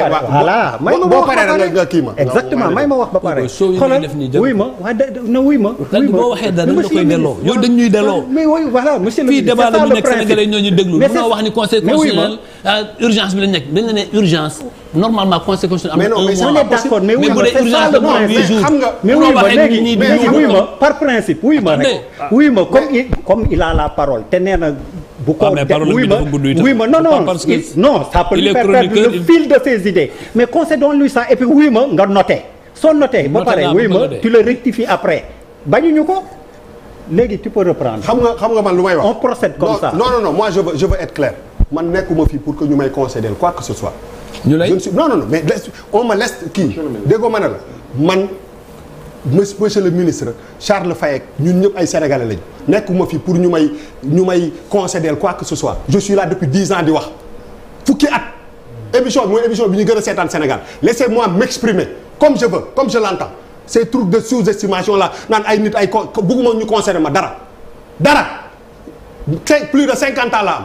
voilà may ma wax ba pare nga kii ma exactement may ma wax ba pare xoolal wuy ma waa na wuy ma boo waxee dara dañ la koy delloo yow dañ ñuy delloo mais oui voilà monsieur le fii débat la mu nekk sénégalais ñoo ñu déglu mënoo wax ni conseil constitutionnel euh, urgence bi lañ nekk dañ la ne urgence normalement conseil constitutionnel am na un mois d'accord mais bu dee urgence la mooy huit jours mais wuy ma léegi wuy ma par principe wuy ma rek ah. wuy ma comme comme il a la parole te nee na bu ah, ko wuy ma wuy ma non non parce que non ça peut lui le fil de ses idées mais concédons-lui ça et puis wuy ma nga noté soo noté ba pare wuy ma tu le rectifies après bañuñu ko léegi tu peux reprendre. xam nga xam nga man lu may wax on procède comme ça non non non moi je veux je veux man nekkuma fii pour que ñu may concéder quoi que ce soit. non non mais on me laisse kii déggoo ma ne la man. monsieur le ministre Charles Fayek ñun ñëpp ay sénégalais lañu nekkuma fi pour ñu may ñu may concéder quoi que ce soit je suis là depuis ans di wax fukki at émission bi mooy émission bi ñu gën a seetaan Sénégal laissez-moi m'exprimer comme je veux comme je l'entends ces trucs de sous-estimation là naan ay nit ay ko bugguma ñu concerné ma dara dara plus de cinquante ans la am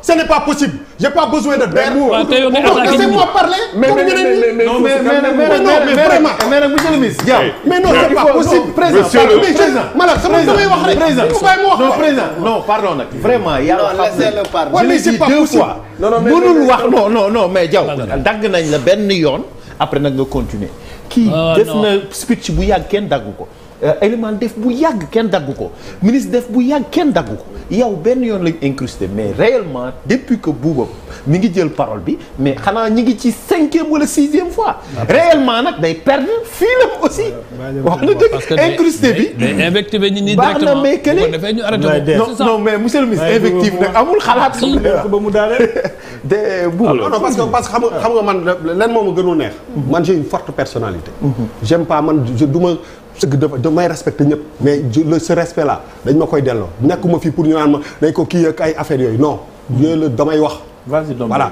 ce n'est pas possible j'ai pas besoin de DER. laissez-moi parler. mais mais mais mais vraiment. mais nag monsieur le pas possible. président président maanaam sama wax rek. président non président non pardon nag. vraiment yàlla ne je dagg nañ la benn yoon. après nag nga continuer kii def na speech bu yàgg ken dagg ko. Euh, élément def bu yàgg kenn dagg ko ministre def bu yàgg kenn dagg ko yow benn yoon lañ incrusté mais réellement depuis que Bouba mi ngi jël parole bi mais xanaa ñu ngi ci cinquième wala sixième fois ah, réellement nag day perdre fii lam aussi wax na dëgg incrusté bi invectivé ñi nii directement baax na mais kële dafay ñu arrêté mais monsieur le ministre invective nag amul xalaat ba mu daaneel de Bouba non non parce que lan moo ma gënoon neex mhm. man j'ai une forte personnalité mhm. j'aime pas man duma sëgg dafa damay respecté ñëpp mais le ce respect là dañ ma koy delloo nekkuma fii pour ñu naan ma nañ ko kii ak ay affaires yooyu non yooyu la damay wax voilà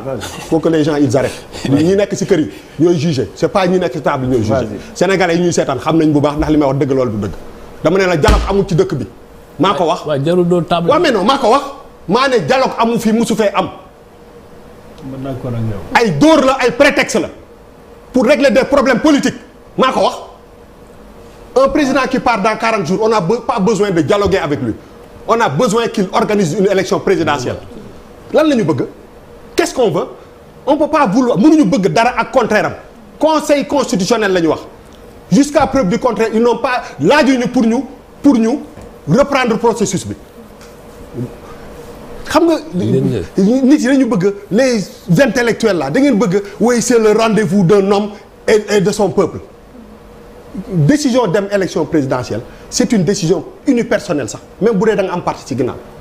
faut que les gens ils arrêtent ñi nekk ci kër yi ñooy jugé c'est pas ñi nekk ci table ñooy jugé sénégalais yi ñuy seetaan xam nañ bu baax ndax li may wax dëgg loolu du dëgg dama ne la dialogue amul ci dëkk bi maa ko wax waa jarul doon table waaw mais non maa ko wax maa ne dialogue amul fii musu fee am ay dóor la ay prétexte la pour régler des problèmes politiques maa ko wax un président qui par dans 40 jours on n'a pas besoin de dialoguer avec lui on a besoin qu'il organise une élection présidentielle lan la ñu bëgg qu'est-ce qu'on veut on peut pas vouloir mënuñu bëgg dara ak contraire am conseil constitutionnel la ñu wax jusqu'à preuve du contraire ils n'ont pas laajuñu pour ñu pour ñu reprendre processus bi xam nga nit yi dañu bëgg les intellectuels là da ngeen bëgg woy c'est le rendez-vous d'un homme et de son peuple décision dem élection présidentielle c'est une décision unipersonnelle sax mais bu dee danga am parti ci ginnaaw